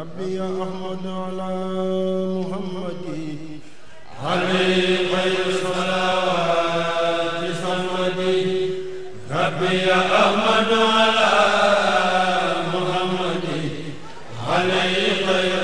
ربي يا أحمد على محمد عليه خير الصلوات صمدي ربي يا أحمد على محمد عليه خير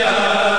yaa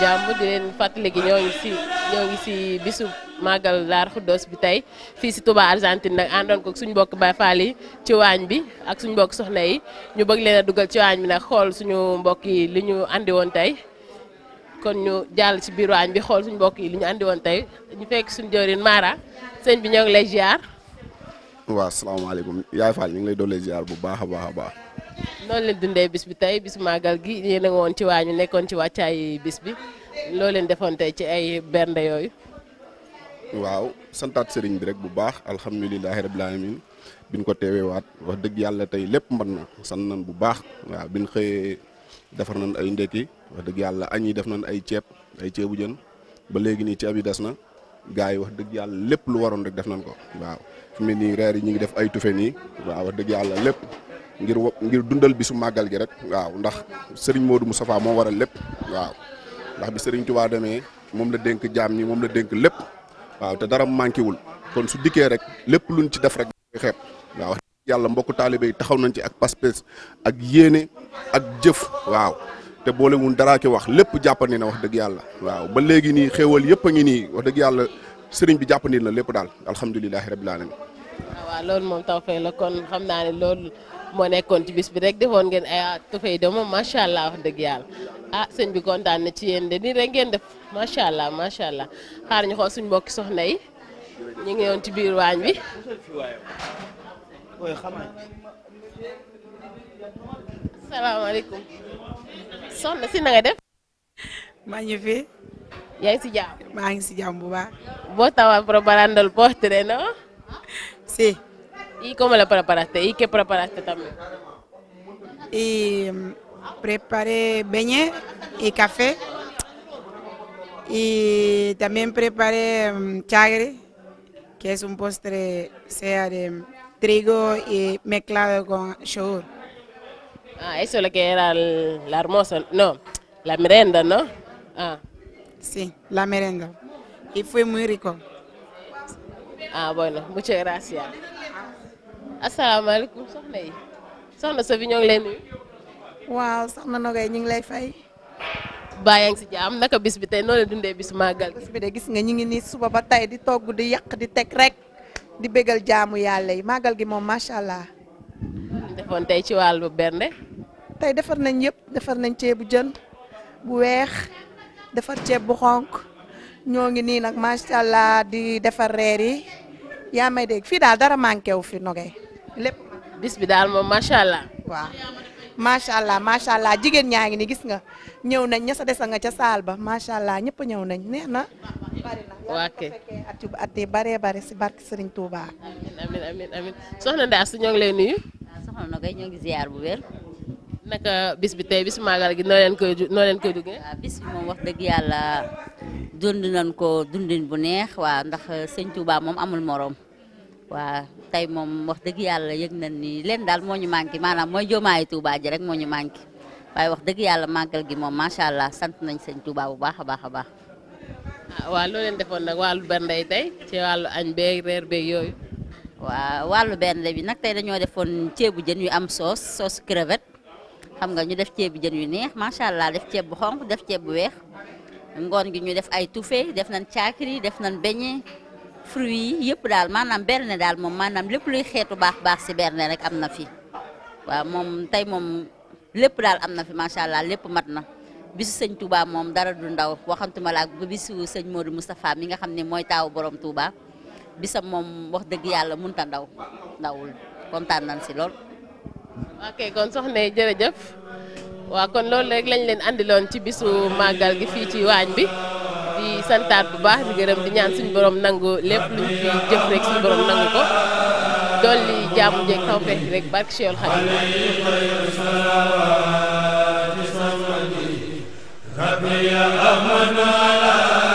jàmm di leen fàttali gi ñoo ngi si ñoo ngi si bisu màggal Daaru Xuddoos bi tey fii si Touba Argentine nag àndoon ko suñu mbokk Baay Faal yi ci waañ bi ak suñ mbokk soxna yi ñu bëgg leen a dugal ci waañ bi nag xool suñu mbokk yi li ñu andi woon tey kon ñu jàll ci biir waañ bi xool suñ mbokk yi li ñu andi woon tey ñu fekk suñu jëwriñ Mara sëñ bi ñoo ngi lay ziar. waaw salaamaaleykum yaay Fall ñu ngi lay doole ziar bu baax a baax a baax. noonu leen dundee bis bi tey bis màggal gi yéen a woon ci waa ñu nekkoon ci wàccaay bis bi loo leen defoon tey ci ay bernde yooyu. waaw santaat sëriñ bi rek bu baax alhamdulilahi rabbil alamin biñ ko teewee waat wax dëgg yàlla tey lépp mën na sant nañ bu baax waaw biñ xëyee defar nañ ay ndekki wax dëgg yàlla añ yi def nañ ay ceeb ay ceebu jën ba léegi nii ceeb yi des na gars yi wax dëgg yàlla lépp lu waroon rek def nañ ko waaw fi mu nii reer yi ñu ngi def ay tufe nii waaw dëgg yàlla lépp. ngir ngir dundal bisu màggal gi rek waaw ndax Serigne Modou Moustapha moo waral lépp waaw ndax bi Serigne Touba demee moom la dénk jaam nii moom la dénk lépp waaw te dara manqué wul kon su dikkee rek lépp luñ ci def rek xeeb waaw yàlla mbokku taalibe yi taxaw nañ ci ak pas-pas ak yéene ak jëf waaw te boole boolewul dara ki wax lépp jàppandi na wax dëgg yàlla waaw ba léegi nii xéewal yëpp a ngi nii wax dëgg yàlla sëriñ bi jàppandi na lépp daal alhamdulilahi rabbil alamin waaw moo nekkoon ci biis bi rek defoon ngeen ay tufay doomu macha allah wax dëgg yàlla ah sëñ bi kontaan na ci yéen de nii rek ngeen def macha allah macha allah xaar ñu xool suñu mbokki soxna yi ñu ngi ci biir waañ bi. asalaamaaleykum soxna si na def. maa ngi fi. yaa ngi si jàmm. maa ngi si jàmm bu baax. boo tawa preparando el postre, ¿Y cómo la preparaste? ¿Y qué preparaste también? Y mm, preparé beñé y café. Y también preparé mm, chagre, que es un postre sea de mm, trigo y mezclado con yogur. Ah, eso lo que era la hermosa, no, la merenda, ¿no? Ah. Sí, la merenda. Y fue muy rico. Ah, bueno, muchas gracias. asalaamaaleykum soxna yi soxna Sofi ñoo ngi lay nuyu. waaw soxna Nogay ñu ngi lay fay. baa si jaam naka bis bi tey noo dundee bisu màggal bis bi de gis nga ñu ngi nii suba ba tey di togg di yàq di teg rek di bégal jaamu yàlla yi màggal gi moom macha allah. defoon tey ci wàllu benn tey defar nañ yëpp defar nañ ceebu jën bu weex defar ceeb bu xonq ñoo ngi nii nag macha allah di defar reer yi yaa may dégg fii daal dara manqué wu fi Nogay. lépp. bis bi daal moom macha allah. waaw macha allah macha allah jigéen ñaa ngi ni gis nga ñëw nañ ña sa desa nga ca saal ba macha allah ñëpp ñëw nañ neex na. bari na yàlla bu baree bare si barke Serigne Touba. amiin amiin amiin soxna Ndaas ñoo ngi lay nuyu. soxna Nogay ñoo ngi ziar bu wér. bis bi tey bis màggal gi noo leen koy noo leen koy duggee. moom wax dëgg yàlla dund nañ ko dundin bu neex waa ndax Serigne Touba moom amul morom waaw. tey moom wax dëgg yàlla yëg nañ nii leen daal moo ñu manqué maanaam mooy jomaayi Touba ji rek moo ñu manqué waaye wax dëgg yàlla màggal gi moom macha allah sant nañ sëñ Touba bu baax a baax a baax. ah waaw loo leen defoon nag wàllu bernde yi tey ci wàllu añ beeg reer yooyu. waaw wàllu bernde bi nag tey dañoo defoon ceebu jën yu am soos soosu crevette xam nga ñu def ceebu jën yu neex macha allah def ceeb bu xonq def ceeb bu weex ngoon gi ñu def ay touffé def nañ caakiri def nañ beñe fruits yi yëpp daal maanaam berne daal moom maanaam lépp luy xeetu baax baax si berne rek am na fi waaw moom tey moom lépp daal am na fi macha allah lépp mat na bisu sëñ Touba moom dara du ndaw waxantuma la ak bisu sëñ Modou Moustapha mi nga xam ne mooy taawu borom Touba bisam moom wax dëgg yàlla mënut a ndaw ndawul kontaan nañ si lool. ok kon loolu rek lañ leen andiloon ci bisu màggal gi fii ci waañ bi. di santaat bu baax di gërëm di ñaan suñu borom nangu lépp lu ñu fi jëf rek suñu borom nangu ko dolli jaamu jeeg tawfeex rek barke Cheikhul Khadim